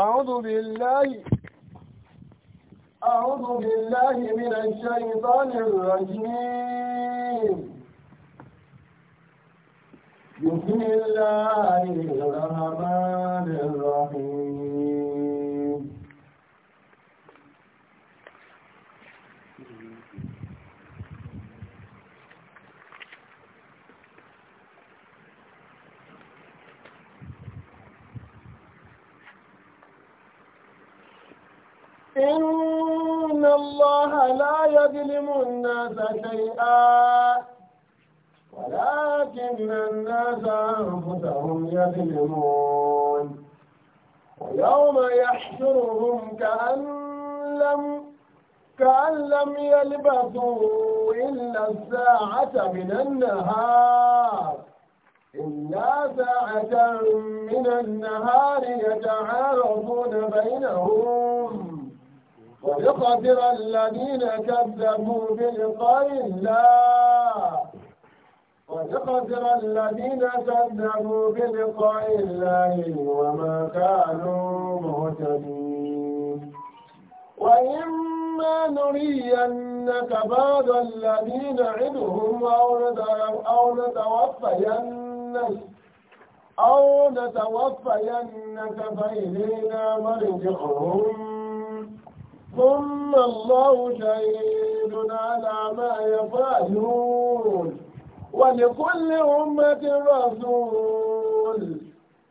أعوذ بالله أعوذ بالله من الشيطان الرجيم بسم الله الرحمن الرحيم إن الله لا يظلم الناس شيئا ولكن الناس أنفسهم يظلمون ويوم يحشرهم كأن لم كأن لم يلبثوا إلا الساعة من النهار إلا ساعة من النهار يتعارفون بينهم ويقدر الذين كذبوا بلقاء الله ويقدر الذين كذبوا بلقاء الله وما كانوا مهتدين وإما نرينك بعض الذين عدهم أو نتوفينك أو نتوفينك فإلينا مرجعهم ثم الله شهيد على ما يفعلون ولكل أمة رسول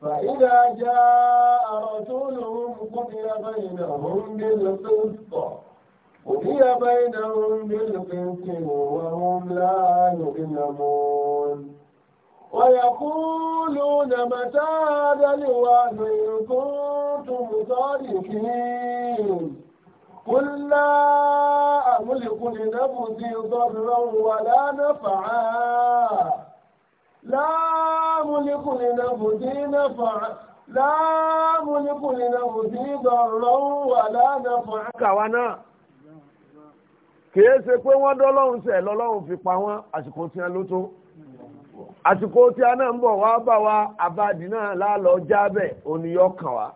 فإذا جاء رسولهم قضي بينهم بالقسط قضي بينهم بالقسط وهم لا يظلمون ويقولون متى هذا الوعد إن كنتم صادقين قل لا أملك لنفسي ضرا ولا نفعا لا أملك لنفسي نفعا لا أملك لنفسي ضرا ولا نفعا كوانا kìí ṣe pé wọ́n dọ́lọ́run sẹ̀ lọ́lọ́run fi pa wọ́n àsìkò tí a ló tó àsìkò tí a náà ń bọ̀ wá bá wa àbádì náà lálọ́ jábẹ̀ òníyọ́ kàn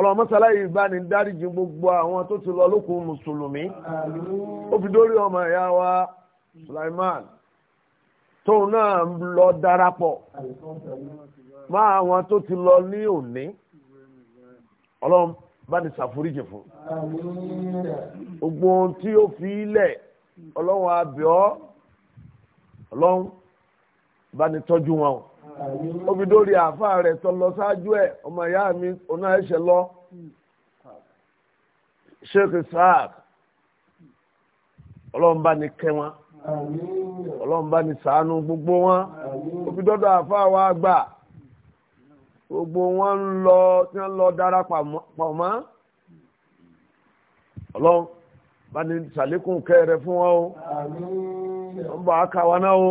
ọlọ́mọ́sálá yìí bá ní dáríjì gbogbo àwọn tó ti lọ lókun mùsùlùmí ó fi dórí ọmọ ìyá wa Sulaiman tóun náà lọ darapọ̀ má àwọn tó ti lọ ní òní ọlọ́run bá ní ṣàforíjì fún gbogbo ohun tí ó fi lẹ̀ ọlọ́run àbíọ́ ọlọ́run bá ní tọ́jú wọn omi dórí àáfàá rẹ̀ tọ́ lọ ṣáájú ẹ̀ ọmọ ìyá mi ọ̀nà ẹ̀ṣẹ̀ lọ sheikh isaac ọlọ́run bá ní kẹ́ wọn ọlọ́run ní ṣàánú gbogbo wọn omi dọ́dọ̀ àáfàá wa gbà gbogbo wọn ń lọ tí wọ́n lọ darapọ̀ mọ́ ọlọ́run bá ní ṣàlékún kẹ́ rẹ̀ fún wọn o wọ́n bá náà o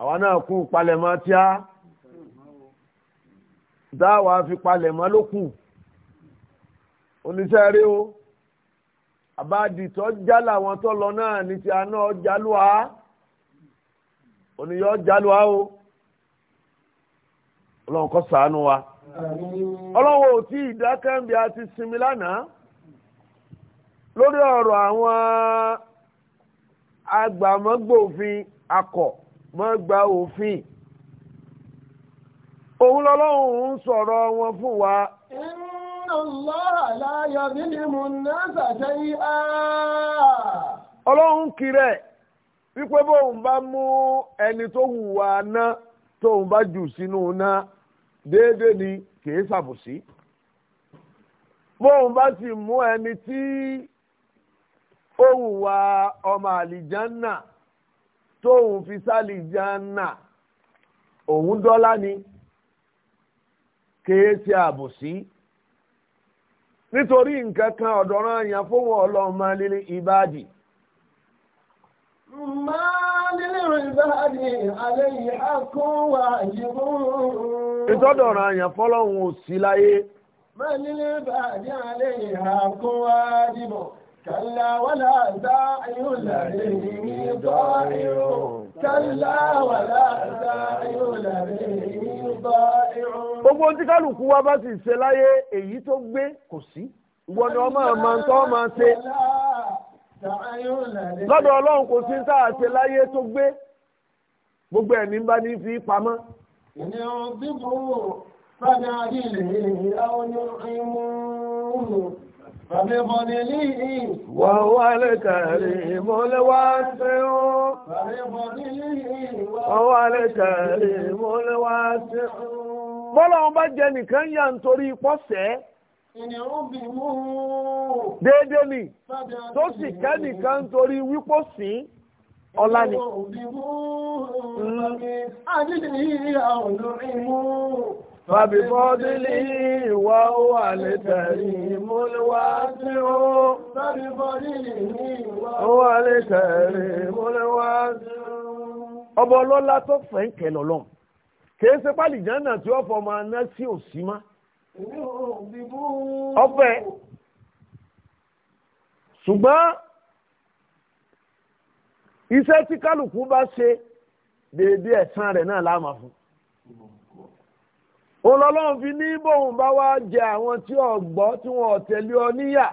àwa náà kú palẹ̀mọ́ tí a dáwà fi palẹ̀mọ́ ló kù oníṣẹ́ rí o àbádìtọ́ jálà wọn tó lọ náà ní ti àná jálùwà oníyọ́ jálùwà o ọlọ́run kó ṣàánú wa ọlọ́run ò tí ìdákẹ́ǹbì àti sinmi lánàá lórí ọ̀rọ̀ àwọn agbàmọ́gbòfin akọ̀. mọ́ gba òfin òun lọ́lọ́run ń sọ̀rọ̀ wọn fún wa. ọlọ́run kìrẹ̀ wípé bóun bá mú ẹni tó hùwà náà tóun bá jù sínú náà déédéé ni kìí ṣàbòsí bóun bá sì mú ẹni tí ó hùwà ọmọ àlìjánná náà. tóun fi sálì jánà òun dọ́lá ni kee ti abusi. nítorí nǹkan kan ọ̀dọ̀ràn àyàn fún ọlọ́run máa lílé ìbáàdì. máa lílé ìbáàdì alẹ́ yìí kó wà yìí. ìtọ́dọ̀ràn àyàn fọlọ́run ò sí láyé. máa كلا ولا داعي لديه ضائع كلا ولا داعي لديه ضائع gbogbo tí kálukú wa bá ti ṣe láyé èyí tó gbé kò sí ìwọ ni ọmọ ọmọ tó máa ṣe lọ́dọ̀ ọlọ́run kò sí tá ṣe láyé tó gbé gbogbo ẹ̀mí bá ní fi pamọ́. ìyẹn dìbò fàdà ilé àwọn ọmọ ìmọ̀ ọ̀hún. فبفضله وهو الكريم الواسع فبفضله وهو الكريم الواسع bọ́lọ́wọ́n bá jẹ nìkan yà ń torí pọ́sẹ̀ déédé ni tó sì kẹ́ nìkan torí wípó sí ọlá ni. Mm. àdídì yìí àwọn olórin فبفضله وهو الكريم الواسع فبفضله وهو الكريم الواسع ọba ọlọ́lá tó fẹ́ ń kẹ lọ́lọ́ kìí ṣe pálí jánà tí ó fọ máa ná sí òsì má ọbẹ̀ ṣùgbọ́n iṣẹ́ tí kálukú bá ṣe déédéé ẹ̀san rẹ̀ náà láàmà fún un. ọlọ́run fi ní bóun bá wá jẹ àwọn tí ò gbọ́ tí wọn tẹ̀lé ọ níyà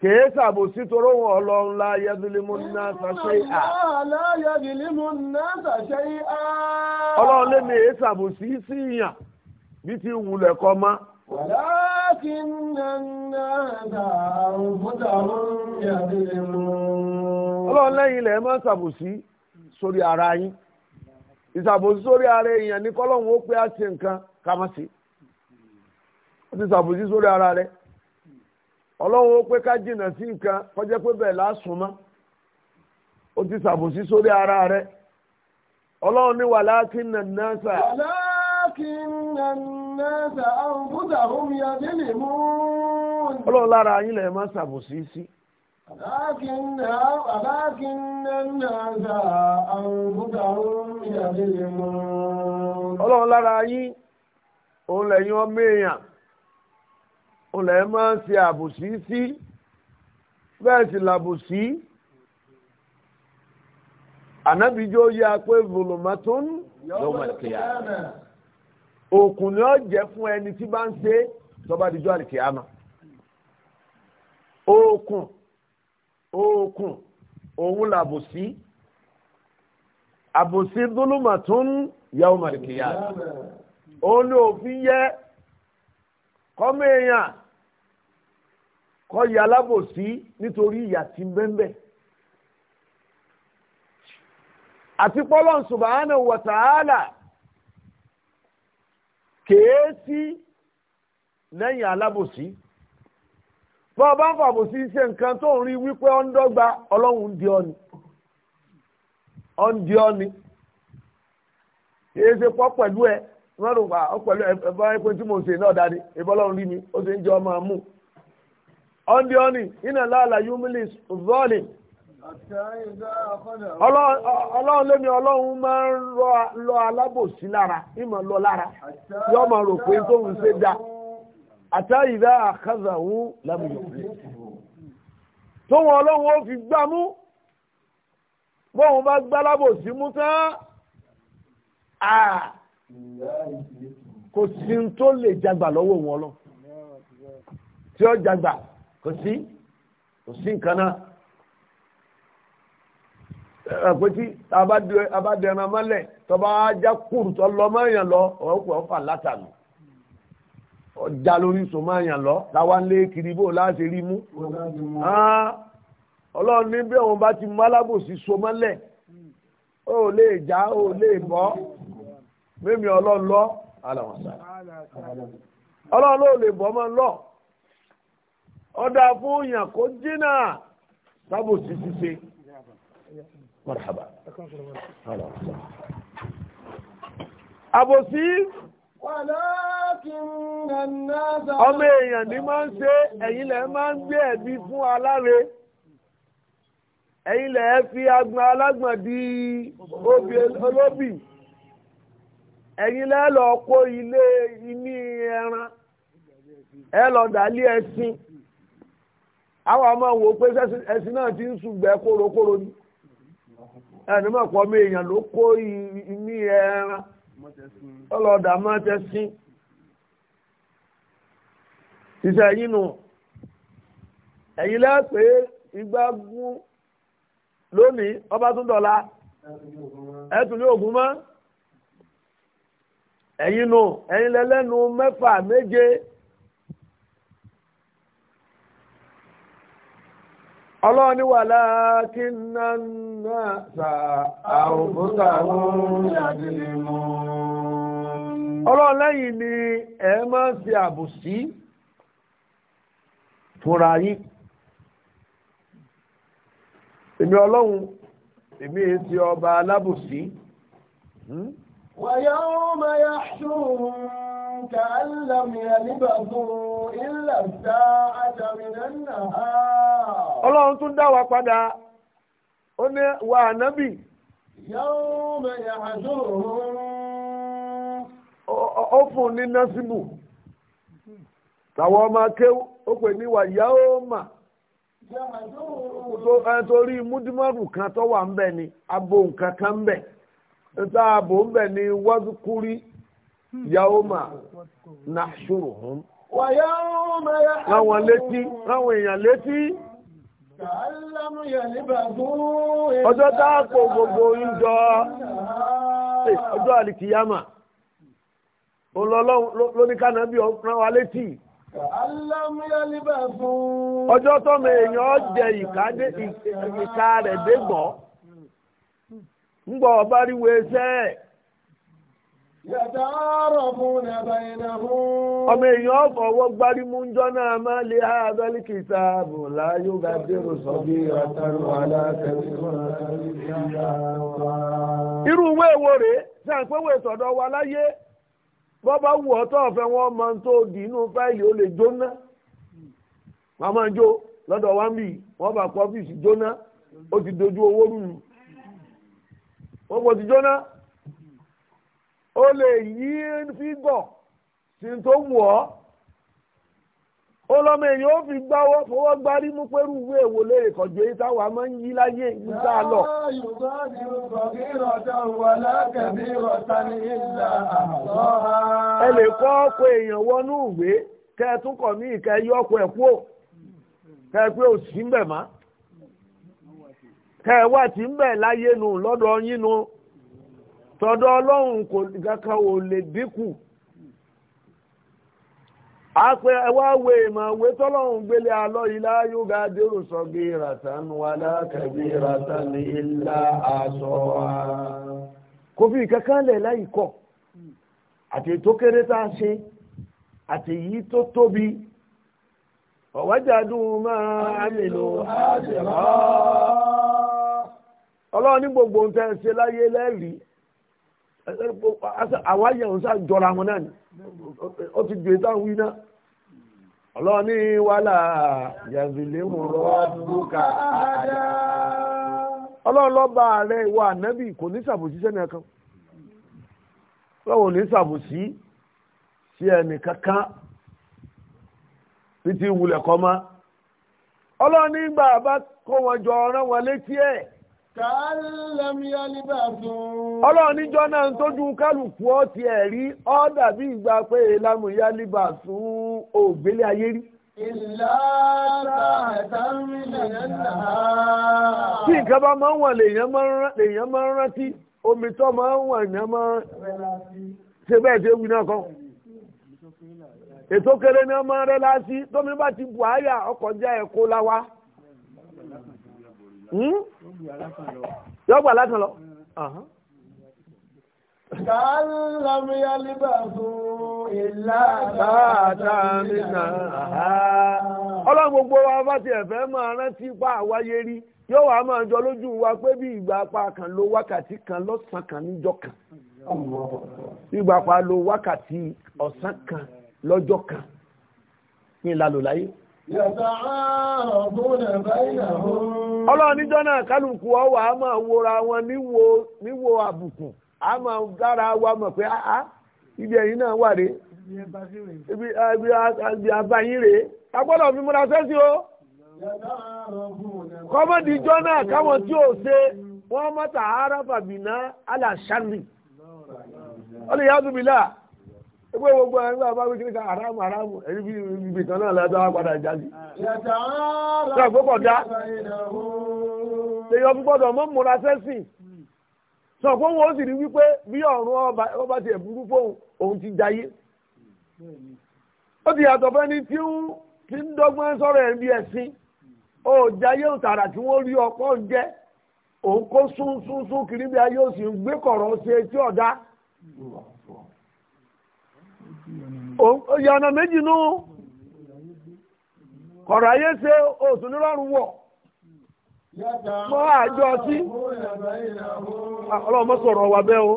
kèé sàbòsí toró wọn ọlọ́run la yẹdùlímù náà sàṣẹ à. ọlọ́run lé mi èé sàbòsí sí ìyàn bí ti wulẹ̀ kọ́ mọ́. ọlọ́run lẹ́yìn ilẹ̀ ara yín. ìṣàbòsí sórí ara èèyàn ní kọ́lọ́hún ó pé á ṣe nǹkan ká má ṣe ó ti ṣàbòsí sórí ara rẹ ọlọ́hún ó pé ká jìnnà sí nǹkan kọjá pé bẹ́ẹ̀ lásùn mọ́ ó ti ṣàbòsí sórí ara rẹ ọlọ́hún ní walakinna nasa. ọlọ́run lára ṣàbòsí sí. لكن ولكن الناس أنفسهم يظلمون ọlọ́run lára yín òun lẹ́yìn ọmọ èèyàn òun lẹ́yìn máa ń ṣe àbòsí sí bẹ́ẹ̀ sì làbòsí ànábìjọ́ yá pé volumatun lọ́mọdékèyà òkùn ni ó jẹ́ fún ẹni tí bá ń ṣe tọ́ba díjọ́ àlìkèyàmà òkùn òkun òun làbòsí àbòsí dúlùmọ̀ tó ń yàwó màlìkìyà òun ni òfin yẹ kọ́mọ èèyàn kọ́ ya alábòsí nítorí ìyà tí ń bẹ́ńbẹ́ àti pọ́lọ́n subhanahu wa ta'ala kèé sí lẹ́yìn alábòsí. bọ́ ọ ń fàbò sí iṣẹ́ nǹkan tó ń rí wípé ọ́n dọ́gba ọlọ́run di ọ́ni ọ́n di ọ́ni èyí ṣe pọ́ pẹ̀lú ẹ pa ọ́ pẹ̀lú ẹ̀fọ́ tí mo ṣe náà dáadé ìbọn ọlọ́run rí mi ó ṣe ń jẹ́ ọmọ ọ́n di ọ́ni iná ọlọ́run lémi àtà ìdá àkázàwó lábùyọ̀pẹ̀ tó wọn ọlọ́run ó fi gbá mú bóun bá gbá lábòsí mú tán à kò sí tó lè jagbà lọ́wọ́ wọn lọ tí ó jagbà kò sí kò sí nǹkan náà àpótí abádẹran mọ́lẹ̀ tọba ajá kùrù tọ́ lọ mọ́yàn lọ ọ̀pọ̀ ọ̀fà látàlú ọjà lórí sùnmáyàn lọ láwa ń lé kiri bó láti rí mú ah, ọlọ́run ní bí òun bá ti mú alábòsí so ó lè já ó lè bọ́ mímí ọlọ́run lọ aláwọ̀sá ọlọ́run ló lè bọ́ mọ́ lọ ọ̀dà fún òyìn kó jìnnà sábòsí ṣíṣe marhaba aláwọ̀sá ọmọ èèyàn ní máa ń ṣe ẹ̀yin lẹ̀ máa ń gbé ẹ̀bí fún aláre ẹ̀yin lẹ̀ fi agbọn alágbọ̀n di obì olóbì ẹ̀yin lẹ̀ lọ kó ilé iní ẹran ẹ lọ dàlí ẹṣin àwọn ọmọ wò pé ẹṣin náà ti ń sùgbẹ́ kórókóró ni ẹni mọ̀ pọ̀ mí èèyàn ló kó iní ẹran ọlọ́dà máa tẹ́ sí. ṣiṣẹ́ yín nù ẹ̀yin lẹ́pẹ́ igbágún lónìí ọba tún dọ̀la ẹ̀tún ní ògùn mọ́ ẹ̀yin nù ẹ̀yin lẹ́lẹ́nu mẹ́fà méje ọlọ́run ní wà láàkí náà sa àrùbúta wọn ọlọ́run lẹ́yìn ni ẹ máa ń ṣe àbùsí. Si fúnra yín èmi ọlọ́run èmi èyí ti ọba alábùsí. wàyà ọmọ ya ṣùgbọ́n kàálàmìyà nígbà tó ilẹ̀ ta àjàmìnà náà. ọlọ́run tún dá wa padà ó ní wa ànábì. yàwó mẹ́yà àjọ ó fún un ní násìbù. tàwọn ọmọ akéwù ó pè ní wàyà ó mà torí múdímọ́rù kan tó wà ń bẹ̀ ni abo nǹkan kan ń bẹ̀ níta abo ń bẹ̀ ni wọ́dúkúrí yàwó hàn. wàyà yà á. láwọn létí láwọn èèyàn létí ọjọ́ tọ́mọ èèyàn jẹ ìka rẹ̀ dégbọ́ ńgbọ́ ọba rí wẹ́sẹ́ ọmọ èèyàn fọwọ́ gbárímú jọ náà máa lè ha abẹ́lì kìtà bò láyé ọgá dérò sọ bí àtàrò aláàtẹ̀wọ̀n irú rèé wa láyé bọ́bá wù ọ́ tó ọ̀fẹ́ wọn máa ń tó di inú fáìlì ó lè jóná wọn máa ń jó lọ́dọ̀ wá ń bì wọ́n bá kọ́ ọ́fíìsì jóná ó ti dojú owó rú mi wọ́n kò ti jóná ó lè yí fígọ̀ sí tó wù ọ́ ọlọ́mọ èèyàn ó fi gbáwọ́ fọwọ́ gbárí mú pẹ́rú ìwé èwò lèrè kọjọ èyí táwà máa ń yí láyé ìgbà lọ. ẹ lè kọ́ ọkọ̀ èèyàn wọnú ìwé kẹ́ẹ̀tún ní ìkẹ́ yí ọkọ̀ ẹ̀ kúò kẹ́ẹ̀ pé òsì ń bẹ̀ má kẹ́ẹ̀ tí ń bẹ̀ láyé nù lọ́dọ̀ yín nu tọ́dọ̀ ọlọ́run kò kankan ò lè dínkù. Ape ẹwà wé ìmọ̀ wé tọ́lọ́run gbélé alọ́ ilá yóò ga dérò sọ bí ràtán wà lákàbí ràtán ní ilá aṣọ wa kò fi kankan lẹ̀ láì kọ̀ àti tó kéré tá a ṣe àti yìí tó tóbi ọ̀wájàdùn máa àmìlò àṣẹ̀rọ̀ ọlọ́run ní gbogbo ń tẹ́ ṣe láyé lẹ́rìí àwa yẹn sáà jọra náà ni ó ti ju ìtàn wí náà ọlọ́run ní wàhálà yàzùlẹ̀ mọ̀rọ̀ bùkà àdá ọlọ́run lọ́ba kò ní ṣàbòsí sẹ́ni ẹ̀kan lọ́wọ́ ní ṣàbòsí sí ẹnì kankan títí wulẹ̀ kọ́ mọ́ ọlọ́run nígbà bá kó wọn jọ Ọlọ́run níjọ́ náà ń tójú kálùkù ọ́ ti ẹ̀rí ọ́ dàbí ìgbà pé ìlàmù ìyá líbà fún ògbélé ayé rí. Tí nǹkan bá máa ń wọ̀n lèèyàn máa ń rántí, omi tó máa ń wọ̀n èèyàn máa ń ṣe bẹ́ẹ̀ ṣe wí náà kan. Ètò kéré ni wọ́n máa ń rẹ́ lásí, tómi bá ti bù áyà ọkọ̀ já ẹ̀kọ́ láwa. Hmm? yóò gbà látàn lọ. Kàálàmù ya ìlà nínà. Ọlọ́run gbogbo wa bá ti ẹ̀fẹ́ máa rántí pa àwáyé rí. Yóò jọ lójú wa pé bí ìgbà kan ló wákàtí kan lọ́sàn kan níjọ́ kan. Ìgbà lo wákàtí ọ̀sán kan lọ́jọ́ kan. Ní Ọlọ́run níjọ́ náà kálukú ọwà á máa wọn níwò àbùkù, a máa dára wa mọ̀ pé ibi ẹ̀yìn náà wà Ibi àbáyín rèé. Agbọ́dọ̀ fi múra sẹ́sí o. Kọ́mọ́dìjọ́ náà káwọn tí ò ṣe wọ́n mọ́ta arábàbìnà aláṣárì. Ọlọ́yàdùbìlà. ẹgbẹ́ gbogbo ẹgbẹ́ bàbá wí kíníkà àràmù àràmù ẹ̀rí bí ibi kan náà lọ́dọ̀ wá padà jáde. ṣé àgbẹ̀pọ̀ dá èèyàn fi gbọ́dọ̀ mọ́ múra sẹ́sìn sọ fún wọn ó sì rí wípé bí ọ̀run ọba tiẹ̀ burú fóun òun ti jayé ó ti yàtọ̀ fẹ́ni tí ń ti ń dọ́gbọ́n sọ̀rọ̀ ẹ̀ bí ẹ̀sìn ó jayé òtàrà tí wọ́n rí ọpọ́ ń jẹ́ òun kó sún sún sún kiri bí ayé òsì ń gbé kọ̀rọ̀ ṣe tí ọ̀dá. òye ọ̀nà méjì nú kọ̀rọ̀ ayé ṣe oṣù nírọ̀rùn wọ̀ mọ́ àjọ sí ọlọ́mọ sọ̀rọ̀ wà bẹ́ẹ̀ o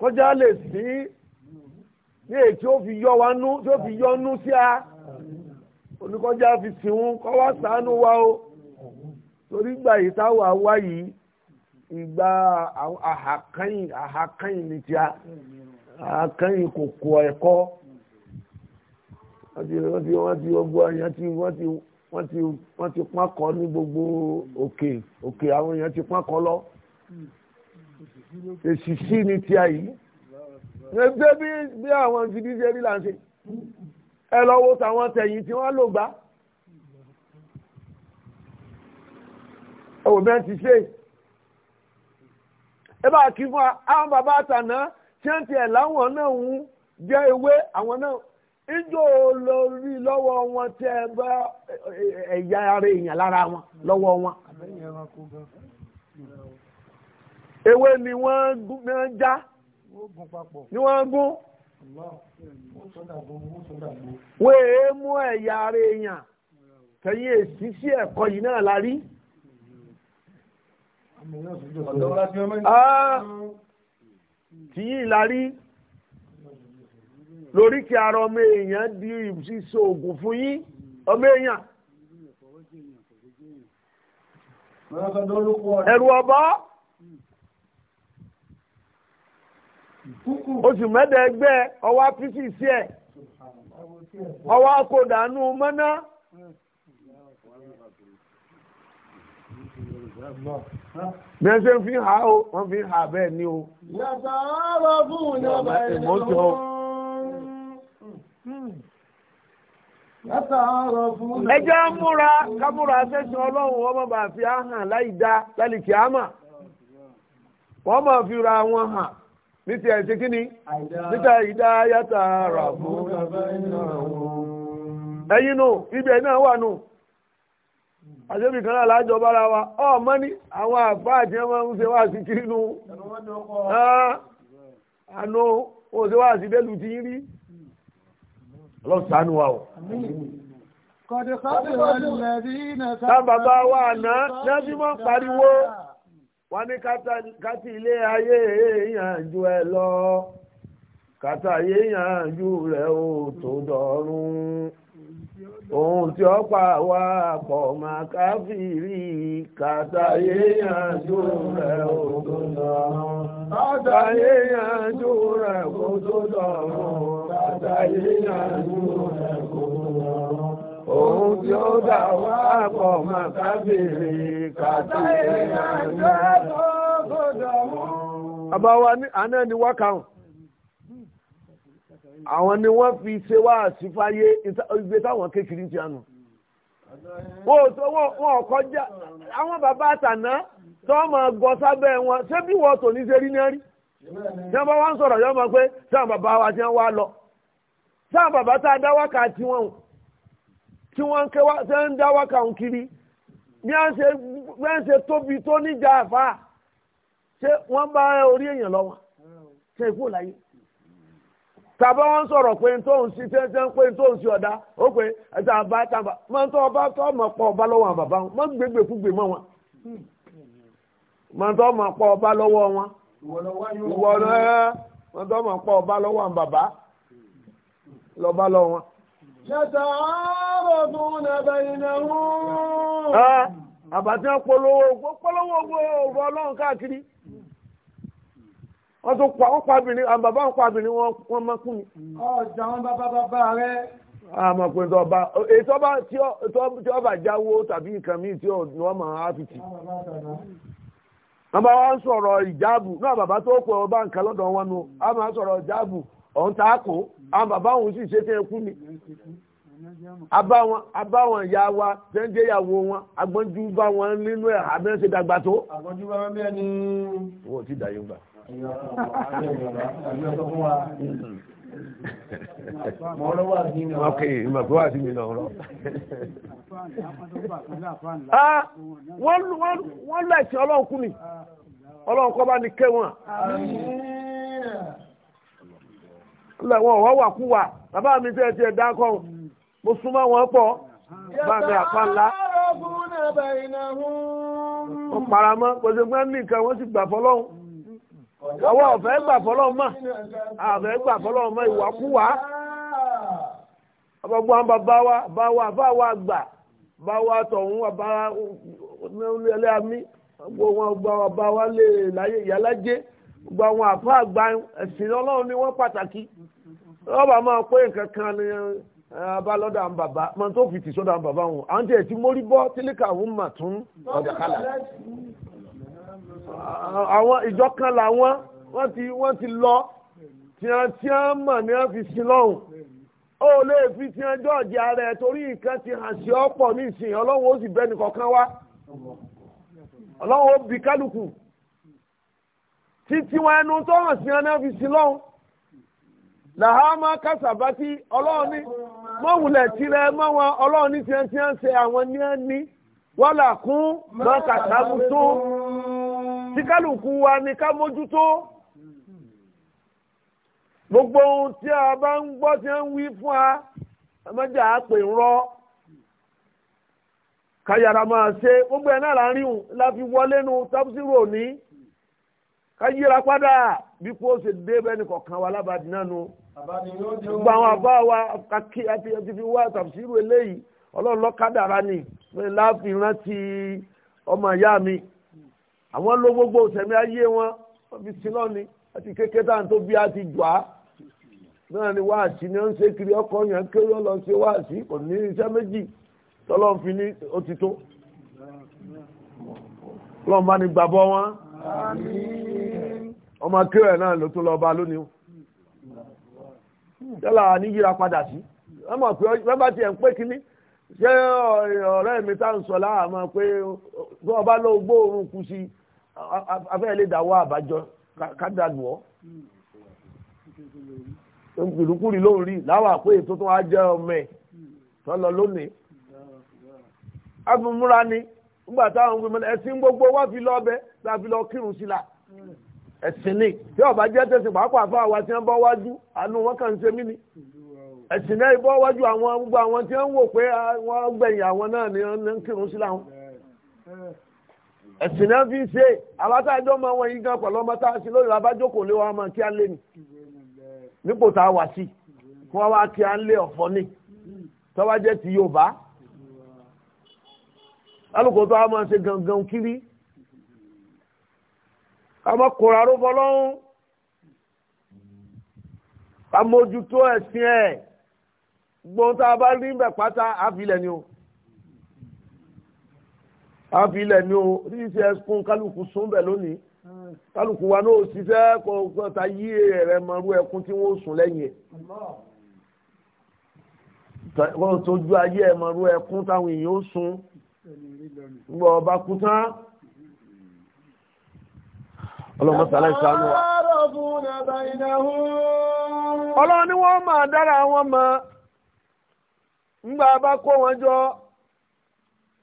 kọjá lè sí ní èyí tí ó fi yọ wa nú tí fi yọ sí a oníkọjá fi sìnwó kọ́ wá ṣàánú wa o torí gbà yìí táwa yìí ìgbà àhàkányìn àhàkányìn ni tí a. àkànyìn kò kọ ẹ̀kọ́ wọ́n ti wọ́n ti wọ́n ti ọgbọ́ èèyàn ti wọ́n ti wọ́n ti wọ́n ti pákọ́ ní gbogbo òkè òkè àwọn èèyàn ti pákọ́ lọ èsì sí ni tí a yìí ẹgbẹ́ bí bí àwọn jìdíjẹ́ rí là ń ṣe ẹ lọ wo tàwọn tẹ̀yìn tí wọ́n lò gbá ẹ wò bẹ́ẹ̀ ti ṣe ẹ bá kí fún àwọn bàbá àtàná tíyẹ̀ntì ẹ̀ láwọn náà ń jẹ́ ewé àwọn náà ìjọ olórí lọ́wọ́ wọn tí ẹ bá ẹ̀yà ara èèyàn lára wọn lọ́wọ́ wọn. ewé ni wọ́n já ni wọ́n gún wọ́n èé mú ẹ̀yà ara èèyàn tẹ̀yìn èsì sí ẹ̀kọ́ yìí náà la rí tí yìí la rí lórí kí ara ọmọ èèyàn di ìṣiṣẹ́ oògùn fún yín ọmọ èèyàn. ẹ̀rù ọ̀bọ. oṣù mẹ́ẹ̀ẹ́dẹ́gbẹ́ ọwọ́ apc sí ẹ̀ ọwọ́ akọ̀dànù mọ́ná. bí wọ́n ṣe ń fi hà ó wọ́n fi hà bẹ́ẹ̀ ni o. yàtọ̀ ọ̀rọ̀ fún ìjọba ìlú. ẹ jẹ́ múra kámúra sẹ́sìn ọlọ́run wọ́n má bàa fi hàn láì dá lálìkì àmà wọ́n máa fi ra wọn hàn ní ti ẹ̀sìn kí ni níta ìdá yàtọ̀ ọ̀rọ̀ fún ìjọba ìlú. nù ibẹ̀ náà wà nù. àṣẹ́bì kan náà lájọ bára wa ọmọ ní àwọn àbá àti ẹmọ ń ṣe wá sí kiri nu àánú ó ṣe wá sí bẹ́lù ti rí lọ́sàánú wa o. sábà bá wà náà lẹ́bí mọ́ pariwo wọ́n ní kátà ilé ayé èèyàn ju ẹ lọ kátà ayé èèyàn ju rẹ̀ ó tó dọ̀rùn. ohun tí ó pa wá pọ̀ máa káfíìrì kàtàyé yànjú rẹ̀ òkú lọ́rùn rẹ̀ kó tó lọ́rùn rẹ̀ tó lọ́rùn ohun tí ó dá wá pọ̀ máa káfíìrì kàtàyé yànjú rẹ̀ kó tó lọ́rùn. àbáwá wákàrún. àwọn ni wọ́n fi ṣe wá àṣìfáyé ìgbé táwọn kékeré ti àná wọn ò kọjá àwọn bàbá àtàná tó máa gbọ́ sábẹ́ wọn ṣé bí wọ́n tò ní ṣe rí ní rí tí wọ́n bá wá ń sọ̀rọ̀ yọ máa pé sáà bàbá wa ti wá lọ sáà bàbá tá a dá wákàtí wọn tí wọ́n ń dá wákàtí kiri bí wọ́n ṣe tóbi tó níjà àfà ṣé wọ́n bá orí èèyàn lọ́wọ́ ṣe ikú tàbá wọn sọ̀rọ̀ pé tóun sí tẹ́tẹ́ pé tóun sí ọ̀dá ó pé ẹ̀ta bá tàbá máa tọ́ ọba tọ́ ọmọ pọ̀ ọba lọ́wọ́ àwọn bàbá wọn má gbégbé kú gbé mọ́ wọn máa tọ́ ọmọ pọ̀ ọba lọ́wọ́ wọn ìwọ lọ ẹ máa tọ́ ọmọ pọ̀ ọba lọ́wọ́ àwọn bàbá lọ́ba lọ wọn. yàtọ̀ àárọ̀ fún nàbẹ̀ ìnáwó. àbàtí wọn polówó polówó owó ọlọ́run káàkiri. wọ́n tó pa wọ́n pa abìnrin àwọn bàbá wọn abìnrin wọn mi. ọjà wọn bàbá bàbá rẹ. ọba èyí tó ọba jáwó tàbí nǹkan míì tí wọ́n máa á fi bàbá wa ń sọ̀rọ̀ ìjáàbù náà bàbá tó ọba nǹkan lọ́dọ̀ wọn nu a máa sọ̀rọ̀ ìjáàbù ọ̀hún a àwọn bàbá òun sì ṣe ẹ wa wọn agbọ́njú bá wọn nínú ẹ̀ dàgbà tó. Okay, ìmọ̀kú wà sí mi lọ rọ. Ah, wọ́n lẹ̀sìn ọlọ́run kú mi, ọlọ́run kọ́ bá ní kẹwọ́n. Wọ́n wọ́n wà kú wà, bàbá mi tẹ́ ti ẹ̀dá kọ́, mo súnmọ́ wọn pọ̀, bá mi àpá ńlá. Ó paramọ́, kò sí pé wọ́n sì gbà fọlọ́run àwọn ọ̀fẹ́ gbà fọlọ́mọ àfẹ́ gbà fọlọ́mọ ìwàkúwà ọgbọ́n àwọn bàbá wa bá wa bá wa gbà bá wa tọ̀hún bá ẹlẹ́ àmì gbogbo wọn gbà wa bá wa lè láyé ìyálájé gbogbo àwọn àfa àgbà ẹ̀sìn ọlọ́run ni wọ́n pàtàkì ọba máa pé nǹkan kan ni eh, abalọ́dà ń bàbá mọ̀ tó fìtì sọ́dà ń bàbá wọn àwọn tiẹ̀ ti mórí bọ́ tílíkà ń mà tún ọ̀dà kálá àwọn ìjọ kan làwọn wọ́n ti wọ́n ti lọ tiwọn tí wọ́n mọ̀ ni wọ́n fi sin lọ́hùn ó lè fi tiwọn jọ́ọ̀jì ara ẹ̀ torí nǹkan ti hàn sí ọ̀pọ̀ ní ìsìn ọlọ́run ó sì bẹ́ nìkọ̀ọ̀kan wá ọlọ́run ó bi kálukú títí wọn ẹnu tó hàn sí wọn náà fi sin lọ́hùn làhámà kásábátì ọlọ́run ní mọ̀wùlẹ̀ tirẹ̀ mọ́ wọn ọlọ́run ní tiẹ̀ tiẹ̀ ń ṣe àwọn ní ẹni wọ́n là kún mọ́ kàtàkùn tó tí kálukú wa ni ká mójútó gbogbo ohun tí a bá ń gbọ́ tí a ń wí fún wa ẹmọ́jà á pè ń rọ́ káyàrá máa ṣe gbogbo ẹ̀ náà láàrin òun láfi wọlé nu tábùsírò ní káyíra padà bí kò ṣe dé bẹ́ẹ̀ni kọ̀ọ̀kan wa lábàdí náà nu gbogbo àwọn àbá wa kàkí àti fi wá tábùsírò eléyìí ọlọ́run lọ́kadà rà ní rántí ọmọ ìyá mi àwọn ló gbogbo sẹ̀mí ayé wọn wọ́n fi sin lọ́ni àti kékeré táwọn tó bí a ti jù á náà ni wáàsí ni ó ń ṣe kiri ọkọ yẹn kéré ọlọ́ ṣe wáàsí kò ní iṣẹ́ méjì tọ́lọ́n fi ní òtítọ́ lọ́n bá ní gbàbọ́ wọn ọmọ kéré ẹ̀ náà ló tún lọ́ọ́ bá lónìí yálà ní yíra padà sí ọmọ pé wọ́n bá tiẹ̀ ń pé kínní ṣé ọ̀rẹ́ mi tá ń sọ láàmú pé bí wọ́n bá gbóòórùn kù sí i afẹ́ ilé ìdáwọ́ àbájọ kádàdùọ́ ìrúkúri ló ń rí láwọn àpò ètò tó wá jẹ́ ọmọ ẹ̀ tọ́lọ lónìí. afúnmúra ni nígbà táwọn ọmọ ẹ̀sìn gbogbo wá fi lọ ọbẹ̀ tá a fi lọ kírun sí la ẹ̀sìn ni tí ọba jẹ́ tẹ̀sìn pàápàá fún àwa tí wọ́n bọ́ wájú àánú wọn kàn ń ṣe mí ni ẹ̀sìn náà bọ́ wájú àwọn gbogbo àwọn tí wọ́n wò pé wọ́n gbẹ̀yìn àwọn náà ni wọ́n ń kírun sí làwọn ẹ̀sìn náà fi ń ṣe àbátájọ́ máa wọ̀nyí gan pẹ̀lú ọmọ tá a ṣe lórí abájókòó lé wa máa kí á lé ni nípò tá a wà sí kí wọ́n wá kí á lé ọ̀fọ́ ni tọ́wá jẹ́ ti Yorùbá alùpùpù tó a máa ṣe gangan kiri àmọ́ kòrò àrùbọ lọ́hún àmójútó ẹ̀sìn ẹ̀ gbọ́n tá a bá rí bẹ̀ pátá àfilẹ̀ ni o àfi ilẹ̀ ni o ṣíṣe ẹkún kálukú sún bẹ̀ lónìí kálukú wa náà ṣiṣẹ́ kọ̀ọ̀kan ta yí rẹ̀ mọ̀rú ẹkún tí wọ́n sùn lẹ́yìn ẹ̀ wọ́n tójú ayé ẹ̀ mọ̀rú ẹkún táwọn èèyàn ó sùn gbọ́ ọba kú tán ọlọ́mọ sàlẹ̀ ìsànú ọlọ́run ni wọ́n máa dára wọn mọ́ ńgbà bá kó wọn jọ.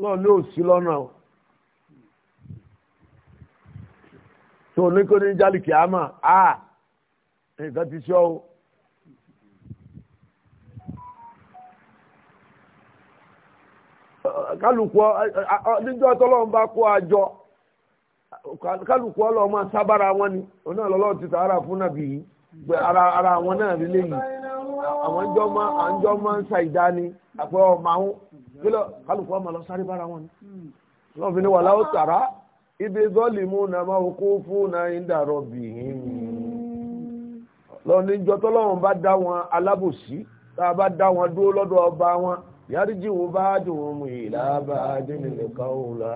náà ní òsì lọ́nà o tó ní kó ní jálìkì àmà a nǹkan ti sọ o. kálukú níjọ́ tọ́lọ́run bá kó àjọ kálukú sábàrà wọn ni òun náà lọ́lọ́run ti sàárà fún nàbì yìí pé ara ara àwọn náà rí léyìí àwọn jọ máa ń ṣàìdá ni àpẹ ọmọ àwọn. kílọ̀ kálukú ọmọ lọ sáré bára wọn ni hmm. lọ́ọ̀fì ni wàhálà ó tàrá ibi zọ́ọ̀lì mú na máa kó fún náà ń dàrọ̀ bì í lọ́ọ̀ni jọtọ́ lọ́wọ́n bá dá wọn alábòsí tá a bá dá wọn dúró lọ́dọ̀ ọba wọn yàrìjì wo bá dùn ún mu yìí lábà dínìlẹ̀ káwọn la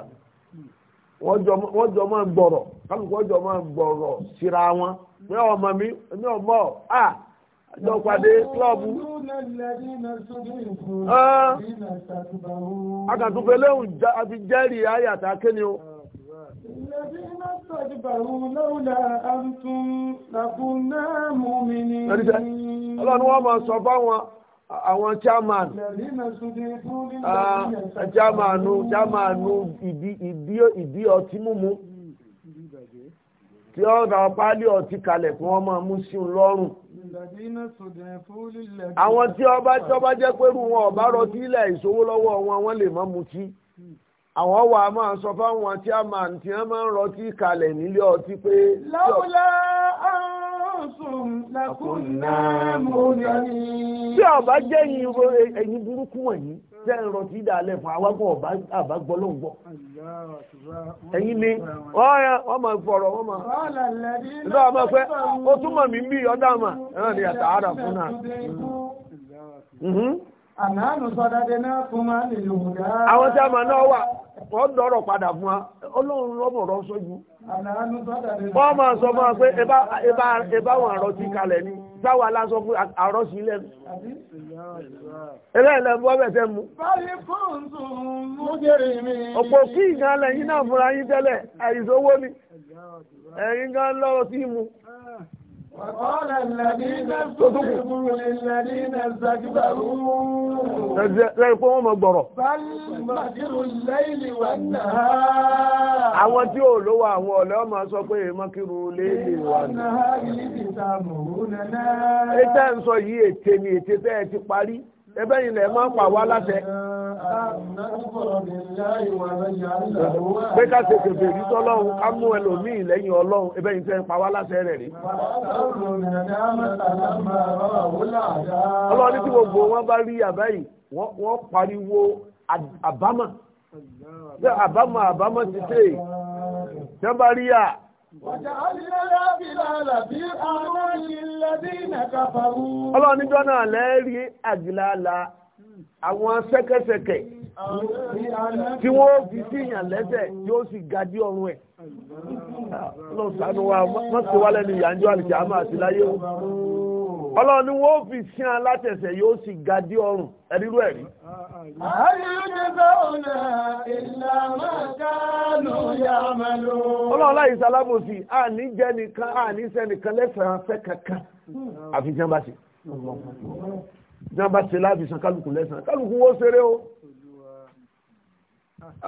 wọ́n jọ máa gbọ̀rọ̀ kálukú wọ́n jọ máa gbọ̀rọ̀ síra wọn ní ọmọ mi ní ọmọ ah lọ pàdé klọ́ọ̀bù. Akàtúnfẹ́ ah. ah. lẹ́hùn àti jẹ́rìí ayàtà kéni o. Ọlọ́run wọ́n máa sọ fáwọn àwọn chairman chairmanu ah, chairmanu ìdí ọtí múmu tí ó ra pálí ọtí kalẹ̀ fún ọmọ mú lọ́rùn àwọn tí ọba tí ọba jẹ́ pẹ̀lú wọn ọba rọtí ilẹ̀ ìṣòwò lọ́wọ́ wọn wọ́n lè má mutí àwọn wà á máa sọ fáwọn tí a máa tí a máa ń rọtí kalẹ̀ nílé ọtí pé. lọ́wọ́lá tí ọba jẹ́ ẹ̀yin burúkú wọ̀nyí jẹ́ ẹ̀rọ tí ìdálẹ̀ fún ọba gbọ́lọ́gbọ́ ẹ̀yin ni wọ́n máa fọ̀rọ̀ wọ́n máa ìdá ọmọ pé ó túnmọ̀ mí bí ọdá ẹ̀rọ ni fún náà Àwọn tí a máa náà wà, wọ́n dọ̀rọ̀ padà fún wa, Ọlọ́run lọ́mọ̀ rọ sójú. ma Wọ́n máa sọ pé ebá ti kalẹ̀ ni, sáwà lásán fún sí ilẹ̀ mi. Eléyìnlẹ̀ bọ́ bẹ̀ mú Ọ̀pọ̀ kí ìgbà lẹ́yìn náà fúnra yín tẹ́lẹ̀, àìsówó ni. gan sí mu. وقال الذين استكبروا للذين استكبروا lẹ́yìn pé wọ́n mọ̀ gbọ̀rọ̀. àwọn tí ò lówó àwọn ọ̀lẹ́ ọmọ sọ pé mọ́kírù léèlè wà ní. ètẹ́ ń sọ yìí ète ni ète tẹ́ ti parí ẹbẹ́ ilẹ̀ máa pa wá láṣẹ. pé ká ṣe kèfè rí tọ́lọ́run ká mú ẹlòmíì lẹ́yìn ọlọ́run ẹbẹ́ yìí tẹ́ ń pa wá láṣẹ rẹ̀ rí. ọlọ́run tí gbogbo wọn bá rí àbá yìí wọ́n pariwo àbámọ̀ àbámọ̀ àbámọ̀ ti tẹ̀ tẹ́ bá rí à. Ọlọ́run níjọ́ náà lẹ́rí àgìláàlà àwọn ṣẹ́kẹ́ṣẹkẹ̀ tí wọ́n fi sí ìyàn lẹ́sẹ̀ yóò sì gají ọrùn ẹ̀. Ọlọ́run ṣàánú wa, mọ́ sí wálẹ̀ ní ìyànjọ́ àlìkà máa sí láyé ọlọ́run ni wọ́n fi sin alátẹ̀sẹ̀ yóò sì ga dí ọrùn ẹ̀rírú ẹ̀rí. ọlọ́run láyé sálábòsì àní jẹ́ nìkan àní sẹ́ nìkan lẹ́sàn-án fẹ́ kankan àfi jẹ́ bá ṣe jẹ́ bá ṣe láàbì san kálukú lẹ́sàn-án kálukú wọ́n ṣeré o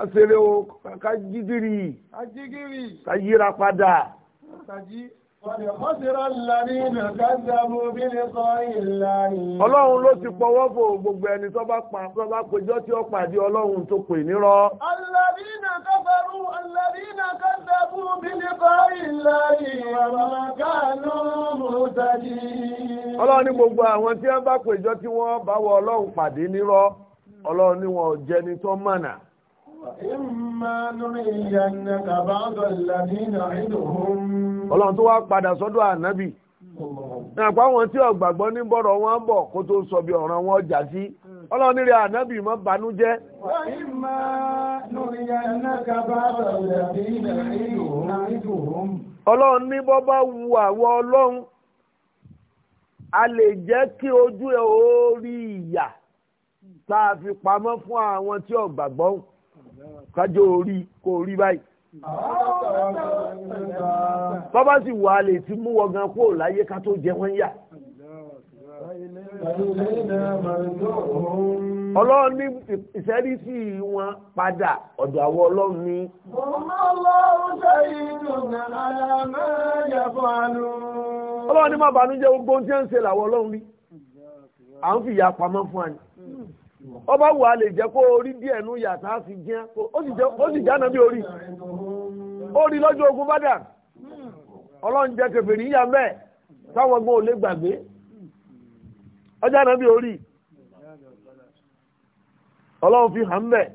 a ṣeré o ká giri ká yíra padà. Ọlọ́run ló ti pọwọ́ fò gbogbo ẹni tó bá pẹjọ́ tí ó pàdé Ọlọ́run tó pè nírọ́. Alladhina kafaru, alladhina kadzabu bi liqa'i Allahi wa ma kanu muhtadin. Ọlọ́run ní gbogbo àwọn tí wọ́n bá pẹjọ́ tí wọ́n bá Ọlọ́run pàdé nírọ́, Ọlọ́run ní wọn ò jẹni tó mọ̀nà. Wa imma nuriyannaka ba'da alladhina 'iduhum ọlọ́run tó wá padà sọ́dọ̀ ànábì hmm. nàpá wọn tí ọ̀gbàgbọ́ ní bọ̀rọ̀ wọn bọ̀ kó tó sọ bí ọ̀ràn wọn jà sí ọlọ́run nílé ànábì mọ́ banújẹ́. ọlọ́run ní bọ́ bá wu àwọn ọlọ́run a lè jẹ́ kí ojú ẹ̀ ó rí ìyà tá a fi pamọ́ fún àwọn tí ọ̀gbàgbọ́ hmm. kájọ orí kò rí báyìí bọ́bá sì wà lè ti mú wọn gan kúrò láyé ká tó jẹ wọ́n yà. Ọlọ́run ní ìṣẹ́rí sí wọn padà ọ̀dọ̀ àwọn ọlọ́run ní. Ọlọ́run ní má bànújẹ́ gbogbo tí ó ń ṣe làwọn ọlọ́run rí. À ń fìyà pamọ́ fún àní. ó bá wù lè jẹ́ kó orí díẹ̀ nú yàtá fi jẹ́ ó sì jáná bí orí lọ́jọ́ ogun bádà ọlọ́run jẹ́ kẹfìrí yíyá mẹ́ẹ̀ táwọn ọgbọ́n ò lè gbàgbé ọjà orí ọlọ́run fi hàn mẹ́ẹ̀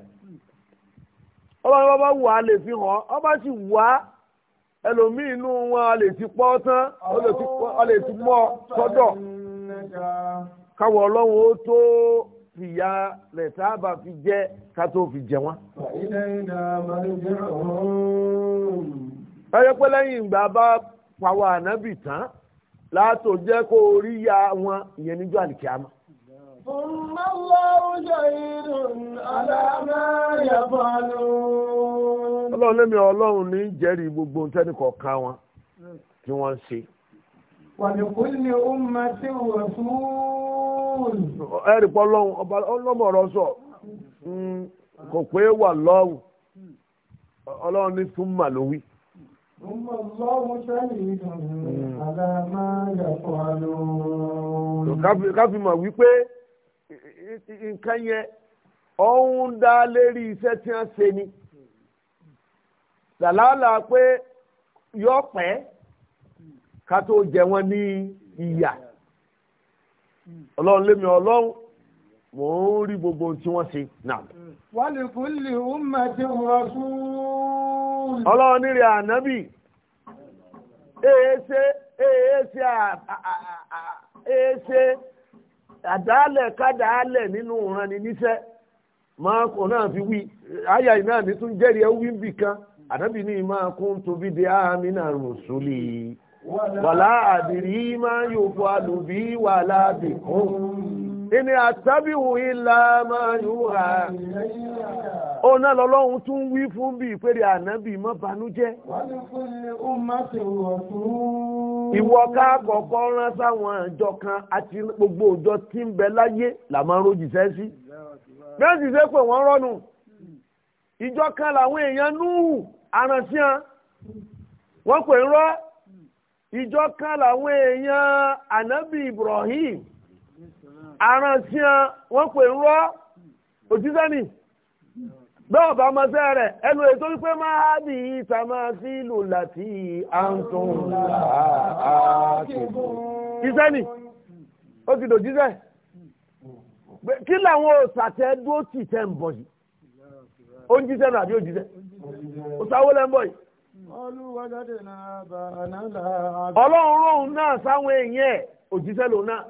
ọlọ́run bá fi hàn ọ bá sì ẹlòmíì inú wọn a lè ti pọ́ tán a lè ti sọ́dọ̀ fìyà rẹ̀ tá a fi jẹ́ ká tó fi jẹ wọ́n. ẹyẹ pé lẹ́yìn ìgbà bá ànábì tán látò jẹ́ kó rí ya wọn ìyẹn níjọ́ àlìkíyàmá. ثم gboo شهيد على ما يفعلون. ọlọ́run lẹ́mi ọlọ́run ní jẹ́rìí gbogbo ohun wọn tí wọ́n ń wàlùkúlù tí lọ́hùn ọba ọlọ́mọ ọ̀rọ̀ sọ hmm, kò pé wà lọ́hùn ọlọ́run ní súnmà káfí mà hmm. wípé nǹkan yẹn ọ̀hún dá lérí iṣẹ́ tí wọ́n ṣe ni. dàlálà pé yọ pẹ́. ká tó jẹ wọn ní ìyà ọlọ́run lémi ọlọrun mò ń rí gbogbo tí wọn ṣe náà. wa li kulli ummatin rasul. ọlọ́run nírẹ̀ ànábì èéṣe èéṣe èéṣe àdáálẹ̀ kádàálẹ̀ nínú ìran ni níṣẹ́ máa kọ̀ náà fi wí àyà náà ní tún jẹ́rìí ẹ̀ wí bì ànábì ní máa kún tóbi di àmì náà rùn sólè. wàlá àdìrí máa yóò fọ́ alùbí wàlá bìkún ìní àtàbíwò ilá máa yóò ha ó náà lọ́lọ́run tún wí fún bí ìpèrè ànábì mọ́ banújẹ́ ìwọ ká kọ̀ọ̀kọ́ rán sáwọn ìjọ kan àti gbogbo òjọ tí ń bẹ láyé làmọ́ rójìṣẹ́ sí bẹ́ẹ̀ sì wọ́n rọ́nu ìjọ kan làwọn èèyàn núhù àrántí wọn kò ń rọ́ ìjọ kan làwọn èèyàn ànábì Ibrahim arantiyan wọ́n pè ń rọ́ òjíṣẹ́ ni bẹ́ẹ̀ bá mọ rẹ̀ ẹnu ètò wípé máa bì í sí ìlú láti àǹtún iṣẹ́ ni ó ti dòjíṣẹ́ kí làwọn òṣàtẹ́ ń bọ̀ yìí ó ń jíṣẹ́ àbí òjíṣẹ́ ń bọ̀ yìí. ọlọ́run rọ̀hún náà sáwọn èèyàn ẹ̀ òjíṣẹ́ náà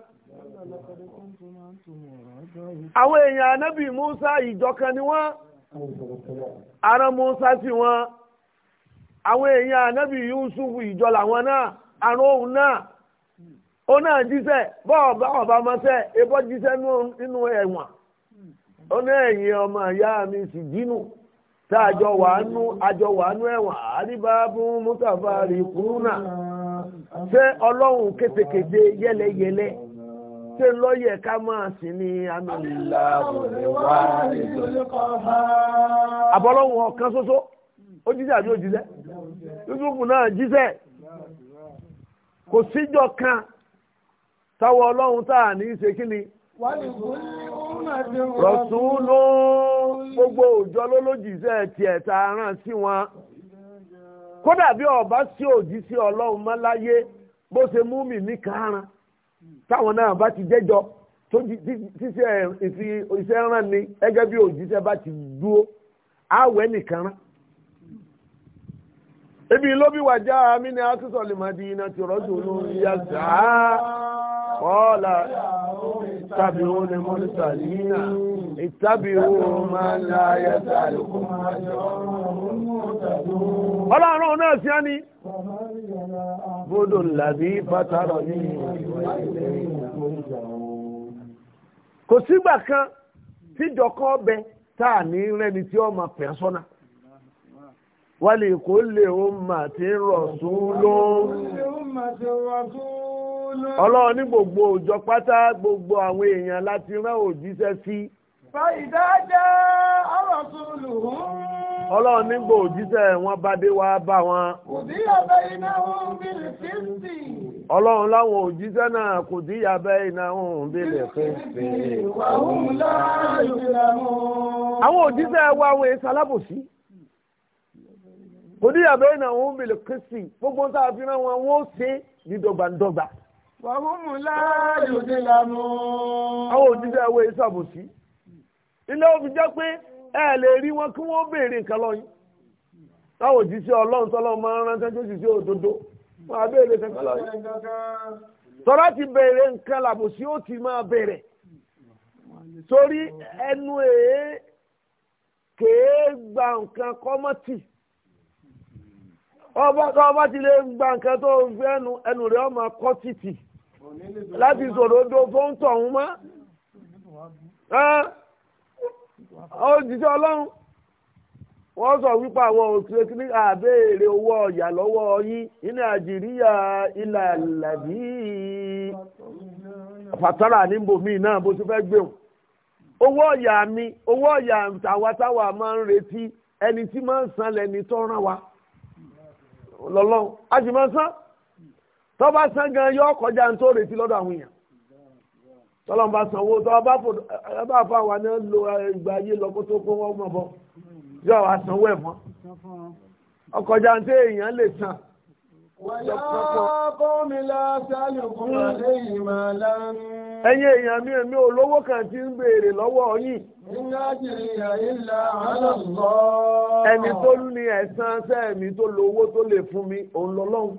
àwọn èèyàn anábì Musa ìjọkan ni wọ́n ara sí wọn àwọn èèyàn anábì Yusuf ìjọ wọn náà àrùn òun náà ó náà jíṣẹ́ bọ́ọ̀bá ọ̀bá mọ́sẹ́ nínú ẹ̀wọ̀n ó náà ọmọ ìyá mi sì tá àjọ wàánú àjọ wàánú ẹ̀wọ̀n àríbábú mùsàfàrí kùnà ṣé ọlọ́run kétékété yẹ́lẹ́yẹ́lẹ́ ṣé lọ́yẹ̀ ká máa sì ní amílílà òmìnira àbọ́lọ́run ọ̀kan ṣoṣo ó jíṣẹ́ àbí ó jíṣẹ́ náà jíṣẹ́ kan táwọn ọlọ́run ní rọ̀súnlú gbogbo òjò lólójìṣẹ́ tiẹ̀ ẹta rán sí wọn kódà bí ọba sí òjíṣẹ́ ọlọrun malaye bó ṣe mú mi ní kárán táwọn náà bá ti jẹ́jọ́ tó ṣiṣẹ́ ìfi iṣẹ́ rán ni gẹ́gẹ́ bí òjíṣẹ́ bá ti dúró ebi ilobi bí wàjá ni a tún sọ lè má di iná tí rọ́ṣùn yá sáá. kọ́ọ̀lá tàbí ó lè mọ́ ìsàlìyàn ìtàbí ó máa ń la ayẹta àlùkù ọlọ́run náà sí á ní bódò làbí bátàrọ̀ ní kò sígbà kan tíjọkọ́ ọbẹ̀ táà ní rẹni tí ó máa pẹ̀sọ́nà wálé kó lè ó mà tí rọ̀ sún lóòrùn ọlọ́run ní gbogbo òjọ pátá gbogbo àwọn èèyàn láti rán òjíṣẹ́ sí. fàìdájẹ́ ọ̀rọ̀ sùlù hùn. ọlọ́run ní gbogbo òjíṣẹ́ wọn bá dé wá bá wọn. òbí ọ̀bẹ iná òun bíi fífì. ọlọ́run láwọn òjíṣẹ́ náà kò dí yàbẹ́ iná òun bíi fífì. ìwà òun láàyò àwọn òjíṣẹ́ wa àwọn èèyàn sálábòsí kò dí yàbẹ́ iná òun bíi fífì gbogbo tá a fi rán wọn wọ́n ṣe ní dọ́gbandọ́gba. wàhùnmù àwọn òjíṣẹ́ ẹ̀wọ̀ ìṣàbòsí ilé ó fi jẹ́ pé ẹ lè rí wọn kí wọ́n beere nǹkan lọ́yìn táwọn òjíṣẹ́ ọlọ́run tọ́lọ́ máa ń rántí tó sì sí òdodo wọn á béèrè nǹkan lọ́yìn. ti béèrè nǹkan làbòsí ó ti máa béèrè torí ẹnu èé kèé gba nǹkan kọ́mọ́tì ọba gba nǹkan tó ń ẹnu ọmọ láti sọ̀rọ̀ odò fóun tọ̀hún mọ́ òjijì ọlọ́run wọ́n sọ wípé àwọn òṣèré kí ní àbẹ́ẹ̀rẹ̀ owó ọ̀yà lọ́wọ́ yín ní àjíríyà ilà làbí fàtàrà níbòmí náà bó ti fẹ́ gbéhùn owó ọ̀yà mi owó ọ̀yà tàwátàwà máa ń retí ẹni tí máa ń san lẹ́ni tó rán wa lọ́lọ́run a sì máa ń san tó bá san gan yọ kọjá ní tó retí lọ́dọ̀ àwọn èèyàn tọ́lọ́n bá sanwó tọ́ bá fà wà ní lo ìgbà ayé lọ kó tó kó wọ́n mọ̀ bọ́ yọ wá sanwó ẹ̀ fún ọkọjá ní tó èèyàn lè san. Ẹ̀yin èèyàn mi èmi olówó kan ti ń béèrè lọ́wọ́ yín. Ẹni tó ní ẹ̀san sẹ́ẹ̀mí tó lówó tó lè fún mi, òun lọ́lọ́run.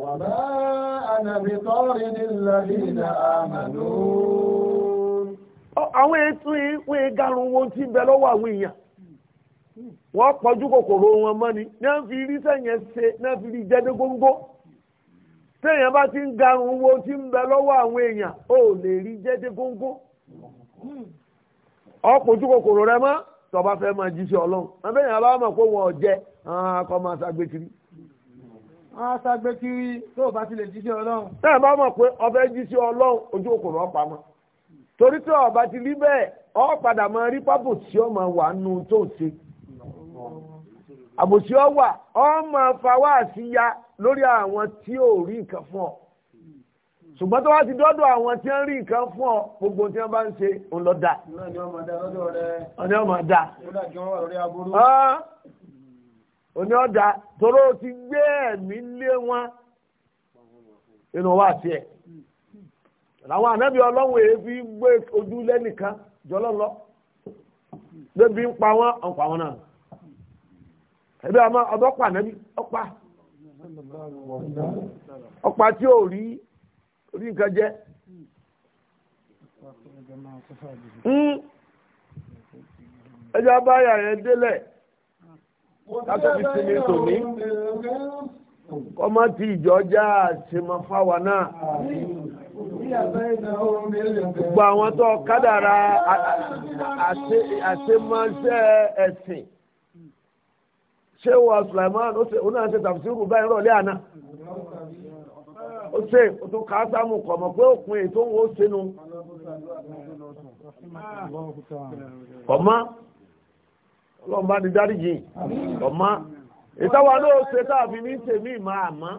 وما أنا بطارد الذين آمنوا àwọn ètò ìwé garun wọn ti bẹ lọ́wọ́ àwọn èèyàn wọ́n kòkòrò wọn ni fi rí ṣe náà fi rí góńgó bá ti ń garun wọn ti ń bẹ lọ́wọ́ àwọn èèyàn ó lè rí jẹ́dé góńgó ọ pọ̀jú kòkòrò rẹ mọ́ tọba máa wọ́n á ságbé kiri tó bá ti lè jíṣẹ́ ọlọ́run. náà bá mọ̀ pé ọbẹ̀ jíṣẹ́ ọlọ́run ojú okòrò ọ̀pá mọ́ torí tí ọba ti rí bẹ́ẹ̀ ọ padà máa rí pápò tí ó máa wà nù tó ṣe àbòsí ọ wà ọ máa fa wá àṣìyá lórí àwọn tí ò rí nǹkan fún ọ ṣùgbọ́n tó wá ti dọ́dọ̀ àwọn tí ń rí nǹkan fún ọ gbogbo tí wọ́n bá ń ṣe ń lọ dà. oní ọ̀dà tóró ti gbe ẹ̀mí lé nwa. inú wa tiẹ̀ làwọn ànábì ọlọ́run èéfi gbé ojú lẹ́nìkan jọlọ́lọ́ débi ń pa wọn ọ̀pá wọn náà ẹbí ọmọ ọdọ pa ànábì Ọkpa tí ò rí orí nǹkan jẹ. Hmm. látọ̀ fi sinmi tòní kọ́mọ́ tí ìjọjá àṣemọ fáwa náà gbogbo àwọn tó kádàrá àṣemáṣẹ́ ẹ̀sìn ṣé wà Sulaiman ó náà ṣe tàbísírù báyìí rọ̀lẹ́ àná ó ṣe tó ká sámù kọ̀mọ̀ pé òpin ètò òun ó ṣe nu kọ̀mọ́. ọlọ́run bá ní dáríjì ọmọ ìtawà náà ṣe káàfi ní tèmi ìmọ̀ àmọ́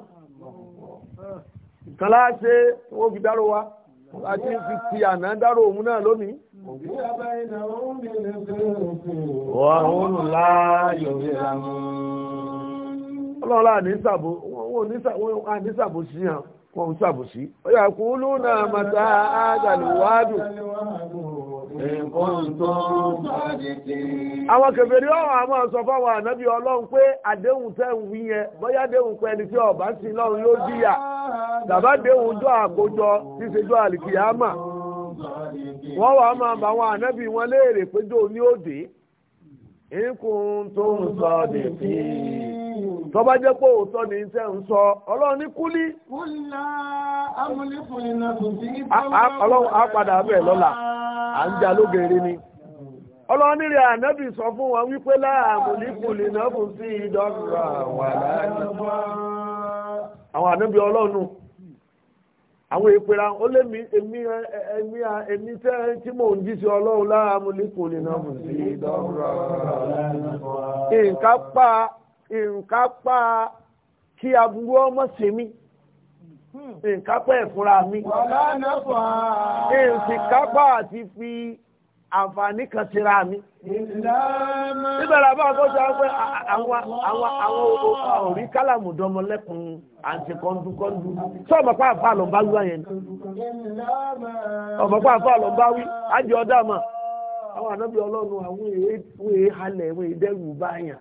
kan láṣẹ fi dárò wa ti àná dárò òun náà lónìí. ọ̀hún láàyò rírà ọlọ́run láà ní sàbò wọn à ní sàbò sí hàn sí. Àwọn kèfèrí ọ̀rọ̀ àwọn àṣọ fáwọn ànábì ọlọ́run pé àdéhùn tẹ́ ń wí yẹn, bóyá déhùn pẹ́ ẹni tí ọ̀bá sí lọ́run yóò díyà, tàbá déhùn jọ àkójọ tí ṣe jọ àlìkìyàmà. Wọ́n wà máa bá àwọn ànábì wọn léèrè péjọ ní òde. Ìkùn tó ń sọ dèfì. tọba jẹ́ pé òótọ́ ni iṣẹ́ ń sọ ọlọ́run ní kúlí. ọlọ́run á padà bẹ̀ lọ́la à ń ni. ọlọ́run ní rẹ̀ ànábì sọ fún wọn wípé fún sí àwọn ànábì ọlọ́run àwọn ó lé mi èmi èmi sí ọlọ́run nǹkan pa kí aburú ọmọ ṣe mí nǹkan pa ẹ̀fúnra mi hmm. nǹkan kápá àti fi àǹfààní kan síra mi. níbẹ̀rẹ̀ àbá àkọ́jọ pé àwọn òrí kálàmù dọmọlẹ́kùn àti kọ́ńdúkọ́ńdú tí ọmọ pa àfa lọ bá wí wáyẹn ni. ọmọ pa àfa lọ bá wí ájì ọ̀dà mà àwọn ànábì ọlọ́run àwọn èèyàn halẹ̀ àwọn èèyàn dẹ́rù báyà.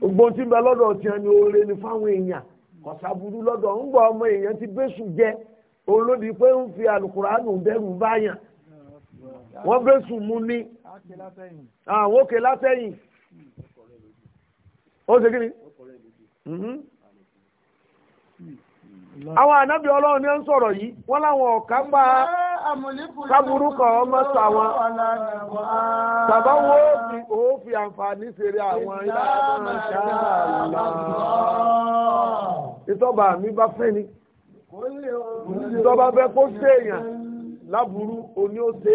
gbogbo tí ń bẹ lọ́dọ̀ ni oore ni fáwọn èèyàn kọ̀sàbùrú lọ́dọ̀ ń gbọ́ ọmọ èèyàn ti bẹ́sù jẹ olódi pé ń fi àlùkùránù bẹ́rù báyàn wọ́n bẹ́sù mú ní àwọn òkè látẹ̀yìn ó ṣe mhm. àwọn ànábì ọlọ́run ní ń sọ̀rọ̀ yìí wọ́n láwọn ọ̀ká pa káburúkọ ọmọ sàwọn tàbá wo ó fi àǹfààní ṣeré àwọn ilá àmọ́ ṣáàlá mi bá fẹ́ ni ìtọ́ba fẹ́ kó ṣèèyàn láburú oní ó ṣe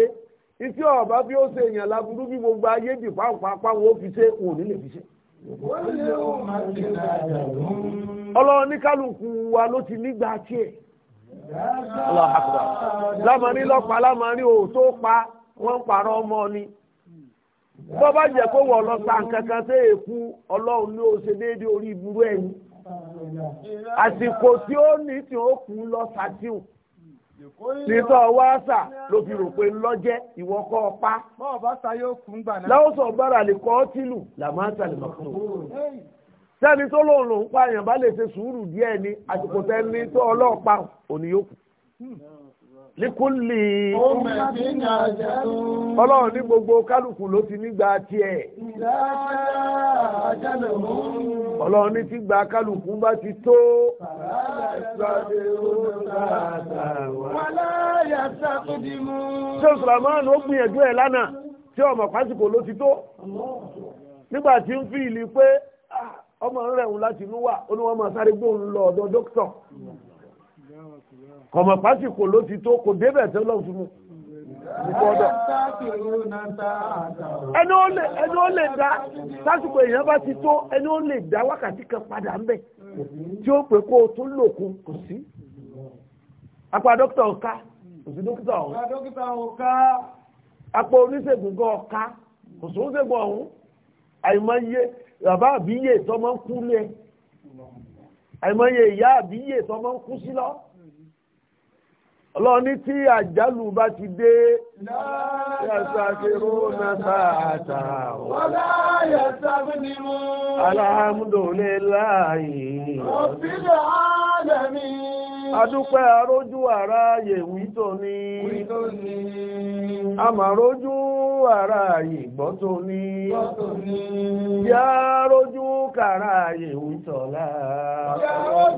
ìtí ọ̀bá bí ó ṣèèyàn láburú bí gbogbo ayé dì pàápàá wọn ó ọlọ́run ní kálukú wa ló ti nígbà tí ẹ̀ lámàrí lọ́pàá lámàrí ò tó pa wọ́n pààrọ̀ ọmọ ni bọ́ bá jẹ́ kó wọ̀ lọ sa tó èkú ọlọ́run ní o ṣe déédéé orí ìbúrú ẹ̀yìn àsìkò tí ó ní tí ó kú nítọ́ wáásà ló fi rò pé lọ́jẹ́ ìwọ kọ́ pa. bọ́ọ̀ bá sa yóò kún gbà náà. láwùsọ̀ gbára lè kọ́ tìlù làmáta lè mọ̀kàn. sẹ́ni tó lòun lòun pààyàn bá lè ṣe sùúrù díẹ̀ ni àsìkò tẹ́ni tó ọlọ́ọ̀pá òní yóò líkúlì ọlọ́run ní gbogbo kálukú ló ti nígbà tiẹ̀ ọlọ́run ní ti gba kálukú bá ti tó ṣe sùlámánù ó gbìyànjú ẹ̀ lánàá tí ọmọ pásìkò ló ti tó nígbàtí ń fi ìlú pé ah, ọmọ rẹ̀ ń láti inú wà ó ní wọ́n máa sáré gbóhùn lọ kọ̀mọ̀ pásìkò ló ti tó kò débẹ̀ tó lọ́wọ́ fún mu. ẹni ó lè dá sásìkò èèyàn bá ti tó ẹni ó lè dá wákàtí kan padà ń bẹ̀ tí ó pè kó o tún lòkun kò sí. apá dókítà ọ̀ka kò sí dókítà ọ̀hún. apá oníṣègùn gan ọ̀ka kò sí oníṣègùn ọ̀hún àìmọye bàbá àbíyè tọmọ ń kú lé àìmọye ìyá àbíyè tọmọ ń kú sí lọ ọlọ́run ní tí àjálù bá ti dé yàtàkìrú nàtàtà wọ́lá yàtàkìrú alhamdulillahi rabbil alamin adúpẹ́ arójú ara yèwí tó ní àmàrójú ara yìgbọ́ tó ní yá rójú kàrà yèwí tọ́lá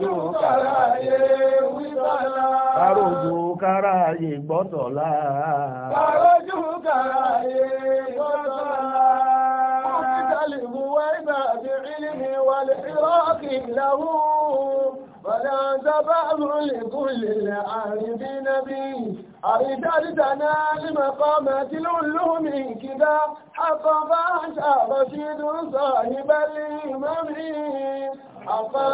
arójú kàrà yèwí tọ́lá arójú kàrà arójú kàrà yègbọ́ tọ́lá وإذا Bàdá dábà múlẹ̀ kúlẹ̀ àrídí nàbí. Àrídárídà náà ní mẹ́kọ́ mẹ́tí ló ń lò mí kìdá. Akọ̀ bá ṣàrọ̀ sí dùn sọ ìbẹ́lì mọ́ mi. Àfà